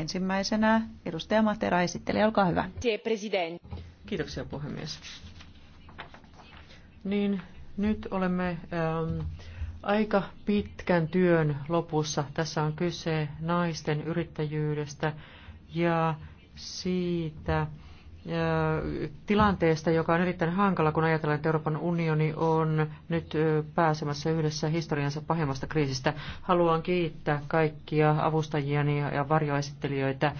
Ensimmäisenä edustaja Matera esittelee, olkaa hyvä. Kiitoksia puhemies. Niin, nyt olemme ähm, aika pitkän työn lopussa. Tässä on kyse naisten yrittäjyydestä ja siitä, tilanteesta, joka on erittäin hankala, kun ajatellaan, että Euroopan unioni on nyt pääsemässä yhdessä historiansa pahimmasta kriisistä. Haluan kiittää kaikkia avustajiani ja varjoesittelijöitä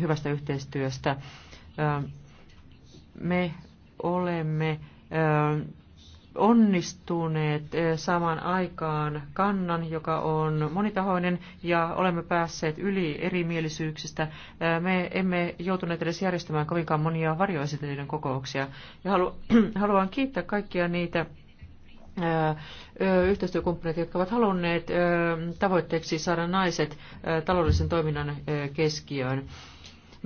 hyvästä yhteistyöstä. Me olemme onnistuneet saamaan aikaan kannan, joka on monitahoinen ja olemme päässeet yli erimielisyyksistä. Me emme joutuneet edes järjestämään kovinkaan monia varjoesittelyiden kokouksia. Ja haluan kiittää kaikkia niitä yhteistyökumppaneita, jotka ovat halunneet tavoitteeksi saada naiset taloudellisen toiminnan keskiöön.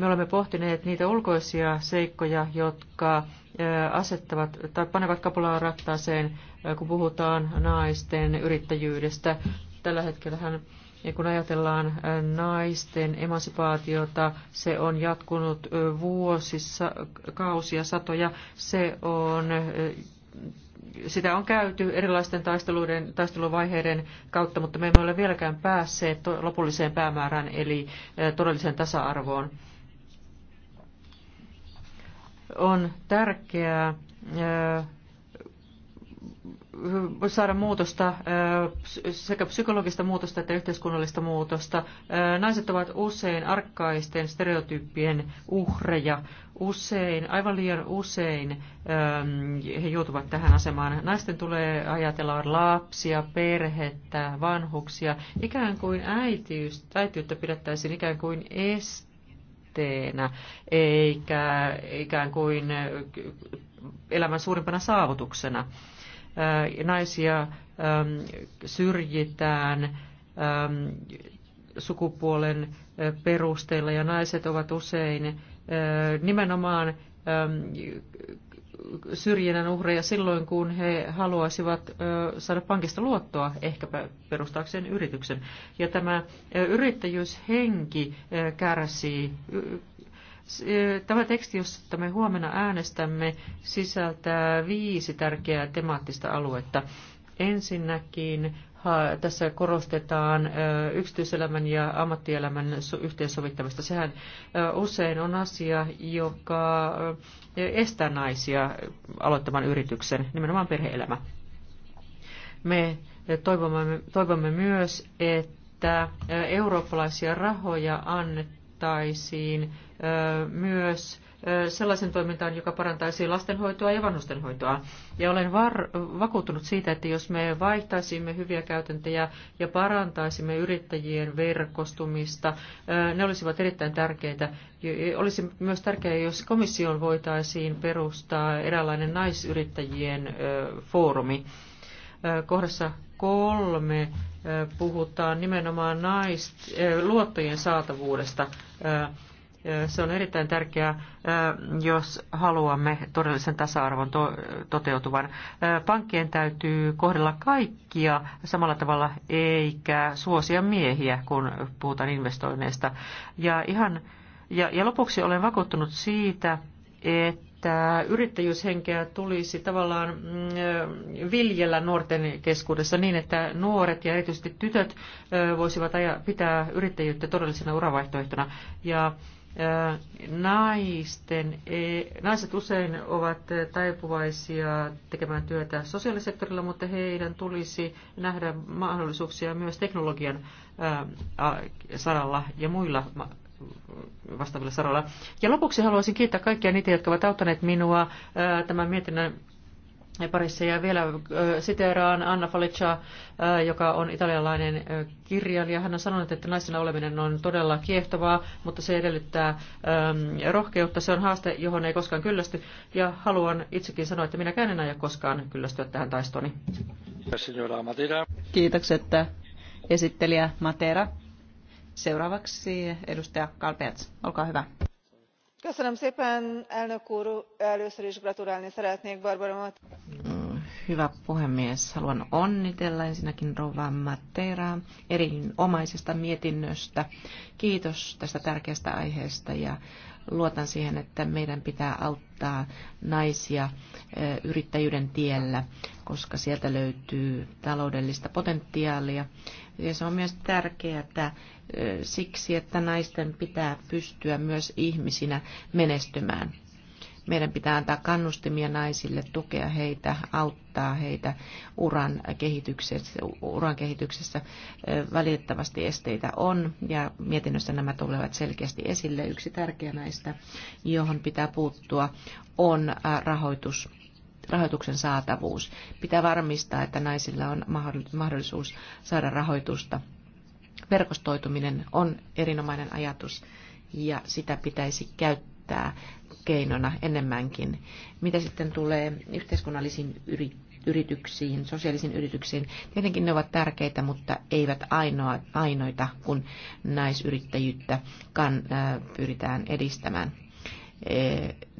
Me olemme pohtineet niitä ulkoisia seikkoja, jotka asettavat tai panevat kapulaa rattaaseen, kun puhutaan naisten yrittäjyydestä. Tällä hetkellähän ja kun ajatellaan naisten emansipaatiota, se on jatkunut vuosissa, kausia, satoja. Se on, sitä on käyty erilaisten taisteluiden, taisteluvaiheiden kautta, mutta me emme ole vieläkään päässeet lopulliseen päämäärään, eli todelliseen tasa-arvoon on tärkeää äh, saada muutosta, äh, sekä psykologista muutosta että yhteiskunnallista muutosta. Äh, naiset ovat usein arkkaisten stereotyyppien uhreja. Usein, aivan liian usein ähm, he joutuvat tähän asemaan. Naisten tulee ajatella lapsia, perhettä, vanhuksia, ikään kuin äitiys, äitiyttä pidettäisiin ikään kuin este tavoitteena, eikä ikään kuin elämän suurimpana saavutuksena. Naisia syrjitään sukupuolen perusteella ja naiset ovat usein nimenomaan syrjinnän uhreja silloin, kun he haluaisivat saada pankista luottoa, ehkäpä perustaakseen yrityksen. Ja tämä yrittäjyyshenki kärsii. Tämä teksti, josta me huomenna äänestämme, sisältää viisi tärkeää temaattista aluetta. Ensinnäkin tässä korostetaan yksityiselämän ja ammattielämän yhteensovittamista. Sehän usein on asia, joka estää naisia aloittamaan yrityksen, nimenomaan perheelämä. Me toivomme, toivomme myös, että eurooppalaisia rahoja annettaisiin myös sellaisen toimintaan, joka parantaisi lastenhoitoa ja vanhustenhoitoa. Ja olen var- vakuuttunut siitä, että jos me vaihtaisimme hyviä käytäntöjä ja parantaisimme yrittäjien verkostumista, ne olisivat erittäin tärkeitä. Olisi myös tärkeää, jos komissioon voitaisiin perustaa eräänlainen naisyrittäjien foorumi. Kohdassa kolme puhutaan nimenomaan naist, luottojen saatavuudesta se on erittäin tärkeää, jos haluamme todellisen tasa-arvon to- toteutuvan. Pankkien täytyy kohdella kaikkia samalla tavalla, eikä suosia miehiä, kun puhutaan investoinneista. Ja, ihan, ja, ja lopuksi olen vakuuttunut siitä, että yrittäjyyshenkeä tulisi tavallaan mm, viljellä nuorten keskuudessa niin, että nuoret ja erityisesti tytöt voisivat pitää yrittäjyyttä todellisena uravaihtoehtona. Ja naisten, e, naiset usein ovat taipuvaisia tekemään työtä sosiaalisektorilla, mutta heidän tulisi nähdä mahdollisuuksia myös teknologian saralla ja muilla vastaavilla saralla. Ja lopuksi haluaisin kiittää kaikkia niitä, jotka ovat auttaneet minua tämän mietinnön parissa. Ja vielä siteeraan Anna Falicia, joka on italialainen kirjailija. Hän on sanonut, että naisena oleminen on todella kiehtovaa, mutta se edellyttää rohkeutta. Se on haaste, johon ei koskaan kyllästy. Ja haluan itsekin sanoa, että minäkään en aja koskaan kyllästyä tähän taistoni. Kiitokset esittelijä Matera. Seuraavaksi edustaja Kalpeats. Olkaa hyvä először is gratulálni szeretnék barbara matera asszonynak kiváló munkához. Hyvä puhemies, haluan onnitella ensinnäkin Rova Matteraa erinomaisesta mietinnöstä. Kiitos tästä tärkeästä aiheesta ja luotan siihen, että meidän pitää auttaa naisia eh, yrittäjyyden tiellä, koska sieltä löytyy taloudellista potentiaalia. Ja se on myös tärkeää eh, siksi, että naisten pitää pystyä myös ihmisinä menestymään meidän pitää antaa kannustimia naisille, tukea heitä, auttaa heitä uran kehityksessä. Uran kehityksessä valitettavasti esteitä on ja mietinnössä nämä tulevat selkeästi esille. Yksi tärkeä näistä, johon pitää puuttua, on rahoitus rahoituksen saatavuus. Pitää varmistaa, että naisilla on mahdollisuus saada rahoitusta. Verkostoituminen on erinomainen ajatus ja sitä pitäisi käyttää keinona enemmänkin. Mitä sitten tulee yhteiskunnallisiin yrityksiin, sosiaalisiin yrityksiin, tietenkin ne ovat tärkeitä, mutta eivät ainoa, ainoita, kun naisyrittäjyyttä kan, äh, pyritään edistämään. E,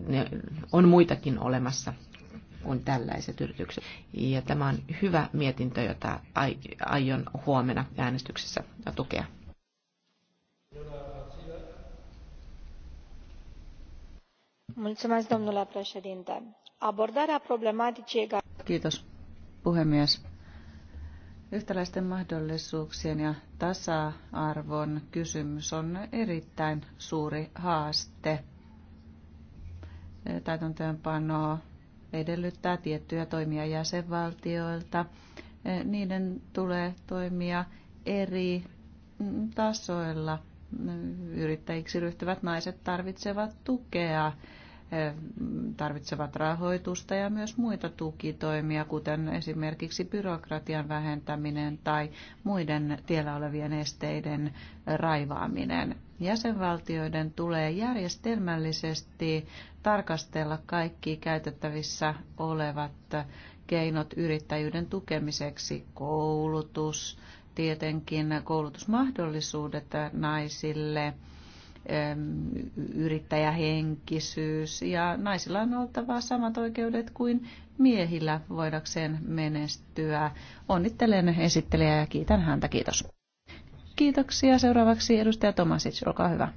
ne, on muitakin olemassa kuin tällaiset yritykset. Ja tämä on hyvä mietintö, jota aion huomenna äänestyksessä tukea. domnule președinte abordarea problematicii e Kiitos puhemies. Yhtäläisten mahdollisuuksien ja tasa-arvon kysymys on erittäin suuri haaste. Täytäntöönpano edellyttää tiettyjä toimia jäsenvaltioilta. Niiden tulee toimia eri tasoilla. Yrittäjiksi ryhtyvät naiset tarvitsevat tukea tarvitsevat rahoitusta ja myös muita tukitoimia, kuten esimerkiksi byrokratian vähentäminen tai muiden tiellä olevien esteiden raivaaminen. Jäsenvaltioiden tulee järjestelmällisesti tarkastella kaikki käytettävissä olevat keinot yrittäjyyden tukemiseksi, koulutus, tietenkin koulutusmahdollisuudet naisille – yrittäjähenkisyys ja naisilla on oltava samat oikeudet kuin miehillä voidakseen menestyä. Onnittelen esittelijää ja kiitän häntä. Kiitos. Kiitoksia. Seuraavaksi edustaja Tomasic, olkaa hyvä.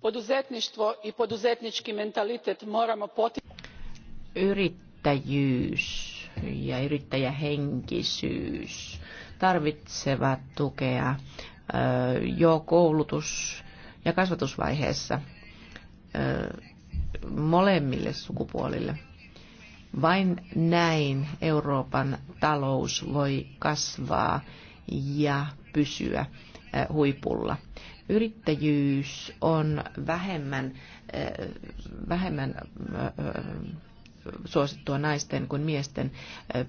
Poduzetništvo i poduzetnički mentalitet moramo poti... Yrittäjyys ja yrittäjähenkisyys tarvitsevat tukea jo koulutus ja kasvatusvaiheessa molemmille sukupuolille. Vain näin Euroopan talous voi kasvaa ja pysyä huipulla. Yrittäjyys on vähemmän, vähemmän suosittua naisten kuin miesten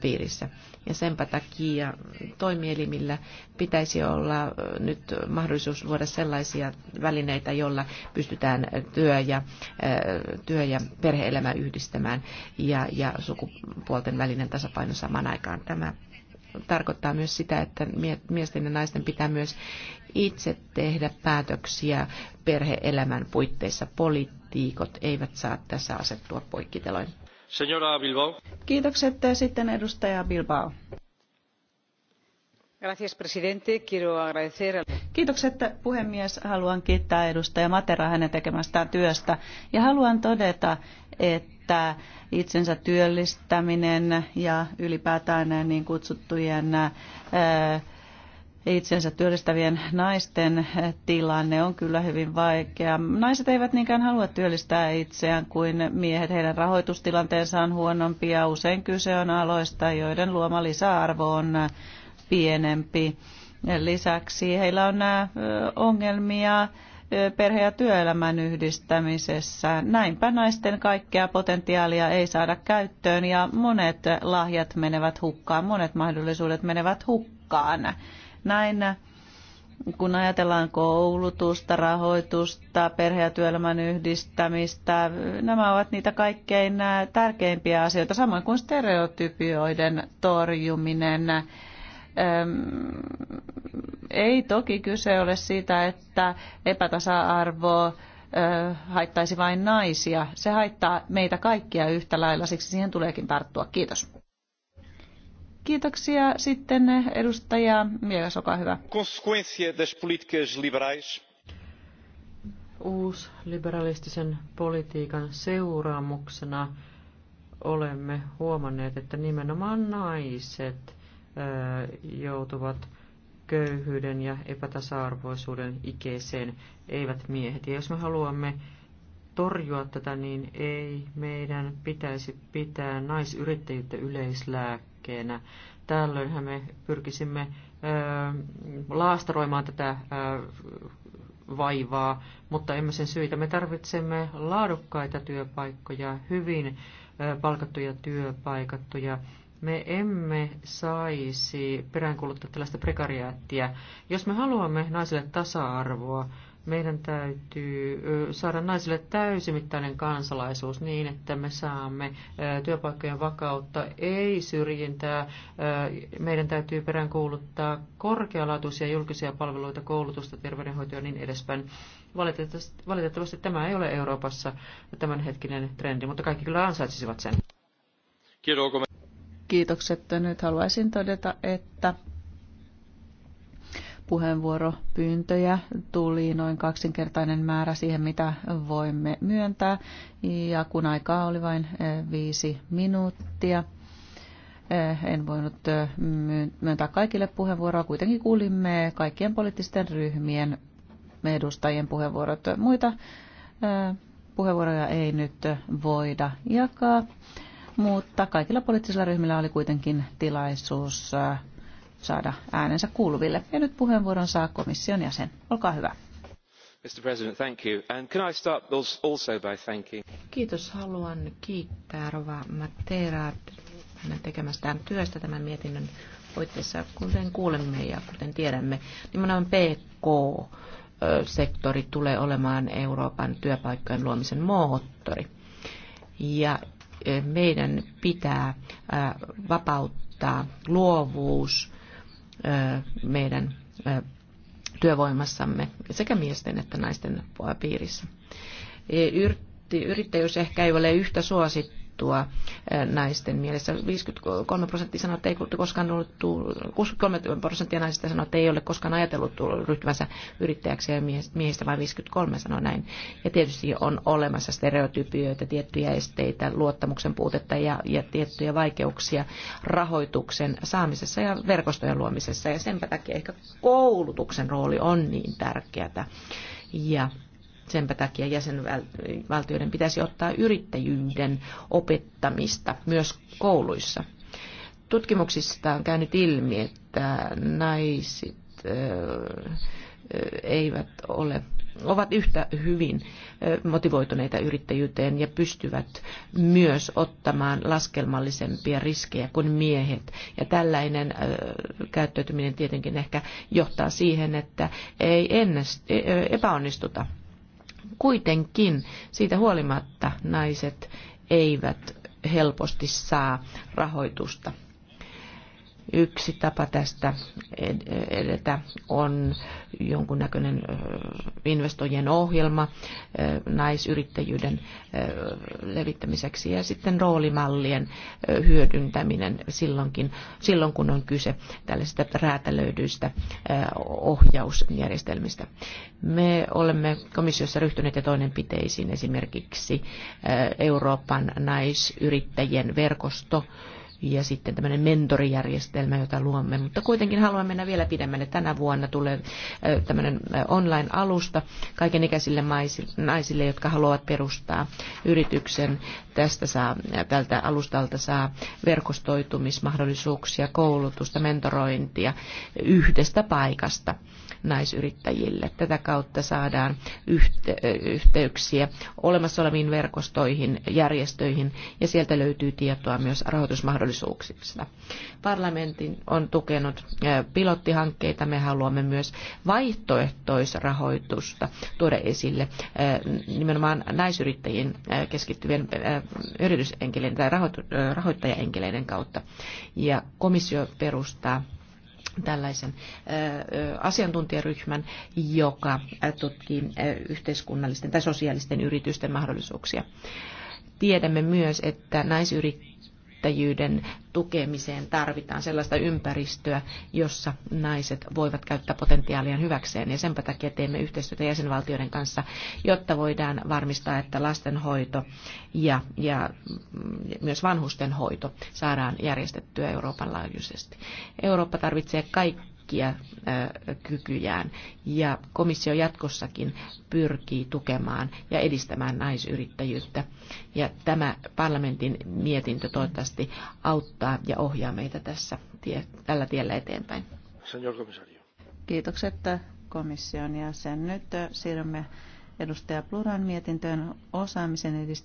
piirissä. Ja senpä takia toimielimillä pitäisi olla nyt mahdollisuus luoda sellaisia välineitä, joilla pystytään työ ja, työ ja perhe-elämä yhdistämään ja, ja sukupuolten välinen tasapaino samaan aikaan. Tämä tarkoittaa myös sitä, että miesten ja naisten pitää myös itse tehdä päätöksiä perheelämän puitteissa. Poliittiikot eivät saa tässä asettua poikkiteloin. Señora Bilbao. Kiitokset sitten edustaja Bilbao. Gracias, presidente. Quiero agradecer Kiitokset puhemies. Haluan kiittää edustaja Matera hänen tekemästään työstä. Ja haluan todeta, että itsensä työllistäminen ja ylipäätään niin kutsuttujen ää, itsensä työllistävien naisten tilanne on kyllä hyvin vaikea. Naiset eivät niinkään halua työllistää itseään kuin miehet. Heidän rahoitustilanteensa on huonompi ja usein kyse on aloista, joiden luoma lisäarvo on pienempi. Lisäksi heillä on äh, ongelmia äh, perhe- ja työelämän yhdistämisessä. Näinpä naisten kaikkea potentiaalia ei saada käyttöön ja monet lahjat menevät hukkaan, monet mahdollisuudet menevät hukkaan. Näin kun ajatellaan koulutusta, rahoitusta, perhe- ja työelämän yhdistämistä, nämä ovat niitä kaikkein tärkeimpiä asioita, samoin kuin stereotypioiden torjuminen. Ei toki kyse ole siitä, että epätasa-arvo haittaisi vain naisia. Se haittaa meitä kaikkia yhtä lailla, siksi siihen tuleekin tarttua. Kiitos. Kiitoksia sitten edustaja Mielas, olkaa hyvä. Uus liberalistisen politiikan seuraamuksena olemme huomanneet, että nimenomaan naiset joutuvat köyhyyden ja epätasa-arvoisuuden ikeeseen, eivät miehet. Ja jos me haluamme torjua tätä, niin ei meidän pitäisi pitää naisyrittäjyyttä yleislääkkeen liikkeenä. Tällöinhän me pyrkisimme laastaroimaan tätä vaivaa, mutta emme sen syitä. Me tarvitsemme laadukkaita työpaikkoja, hyvin palkattuja työpaikattuja. Me emme saisi peräänkuluttaa tällaista prekariaattia. Jos me haluamme naisille tasa-arvoa, meidän täytyy saada naisille täysimittainen kansalaisuus niin, että me saamme työpaikkojen vakautta, ei syrjintää. Meidän täytyy peräänkuuluttaa korkealaatuisia julkisia palveluita, koulutusta, terveydenhoitoa ja niin edespäin. Valitettavasti, valitettavasti tämä ei ole Euroopassa tämänhetkinen trendi, mutta kaikki kyllä ansaitsisivat sen. Kiitokset. Nyt haluaisin todeta, että puheenvuoropyyntöjä tuli noin kaksinkertainen määrä siihen, mitä voimme myöntää. Ja kun aikaa oli vain eh, viisi minuuttia, eh, en voinut eh, myöntää kaikille puheenvuoroa. Kuitenkin kuulimme kaikkien poliittisten ryhmien edustajien puheenvuorot. Muita puheenvuoroja ei nyt voida jakaa, mutta kaikilla poliittisilla ryhmillä oli kuitenkin tilaisuus saada äänensä kuuluville. Ja nyt puheenvuoron saa komission jäsen. Olkaa hyvä. Mr. President, thank you. And can I start also by thanking... Kiitos. Haluan kiittää Rova Matera hänen tekemästään työstä tämän mietinnön voitteessa. kuten kuulemme ja kuten tiedämme, nimenomaan PK sektori tulee olemaan Euroopan työpaikkojen luomisen moottori. Ja eh, meidän pitää eh, vapauttaa luovuus meidän työvoimassamme sekä miesten että naisten piirissä. E, yrittäjyys ehkä ei ole yhtä suosittu tunnettua naisten mielessä. 53 prosenttia sanoo, että ei koskaan ollut, 63 prosenttia naisista sanoo, että ei ole koskaan ajatellut ryhtyvänsä yrittäjäksi ja miehistä vain 53 sanoo näin. Ja tietysti on olemassa stereotypioita, tiettyjä esteitä, luottamuksen puutetta ja, ja tiettyjä vaikeuksia rahoituksen saamisessa ja verkostojen luomisessa. Ja sen takia ehkä koulutuksen rooli on niin tärkeätä. Ja Senpä takia jäsenvaltioiden pitäisi ottaa yrittäjyyden opettamista myös kouluissa. Tutkimuksista on käynyt ilmi, että naiset eivät ole ovat yhtä hyvin motivoituneita yrittäjyyteen ja pystyvät myös ottamaan laskelmallisempia riskejä kuin miehet. Ja tällainen käyttäytyminen tietenkin ehkä johtaa siihen, että ei ennest, e, epäonnistuta Kuitenkin siitä huolimatta naiset eivät helposti saa rahoitusta Yksi tapa tästä edetä on jonkunnäköinen investoijien ohjelma naisyrittäjyyden levittämiseksi ja sitten roolimallien hyödyntäminen silloinkin, silloin, kun on kyse tällaisista räätälöidyistä ohjausjärjestelmistä. Me olemme komissiossa ryhtyneet ja toimenpiteisiin esimerkiksi Euroopan naisyrittäjien verkosto, ja sitten tämmöinen mentorijärjestelmä, jota luomme. Mutta kuitenkin haluan mennä vielä pidemmälle. Tänä vuonna tulee tämmöinen online-alusta kaikenikäisille naisille, jotka haluavat perustaa yrityksen. Tästä saa, tältä alustalta saa verkostoitumismahdollisuuksia, koulutusta, mentorointia yhdestä paikasta naisyrittäjille. Tätä kautta saadaan yhteyksiä olemassa oleviin verkostoihin, järjestöihin ja sieltä löytyy tietoa myös rahoitusmahdollisuuksista mahdollisuuksista. Parlamentin on tukenut pilottihankkeita. Me haluamme myös vaihtoehtoisrahoitusta tuoda esille nimenomaan naisyrittäjien keskittyvien yritysenkeleiden tai rahoittajaenkeleiden kautta. Ja komissio perustaa tällaisen asiantuntijaryhmän, joka tutkii yhteiskunnallisten tai sosiaalisten yritysten mahdollisuuksia. Tiedämme myös, että naisyrittäjien yrittäjyyden tukemiseen tarvitaan sellaista ympäristöä, jossa naiset voivat käyttää potentiaaliaan hyväkseen. Ja senpä takia teemme yhteistyötä jäsenvaltioiden kanssa, jotta voidaan varmistaa, että lastenhoito ja, ja mm, myös vanhustenhoito saadaan järjestettyä Euroopan laajuisesti. Eurooppa tarvitsee kaikki kaikkia kykyjään. Ja komissio jatkossakin pyrkii tukemaan ja edistämään naisyrittäjyyttä. Ja tämä parlamentin mietintö toivottavasti auttaa ja ohjaa meitä tässä, tällä tiellä eteenpäin. Kiitokset äh, komission sen Nyt äh, siirrymme edustaja Pluran mietintöön osaamisen edistämisen.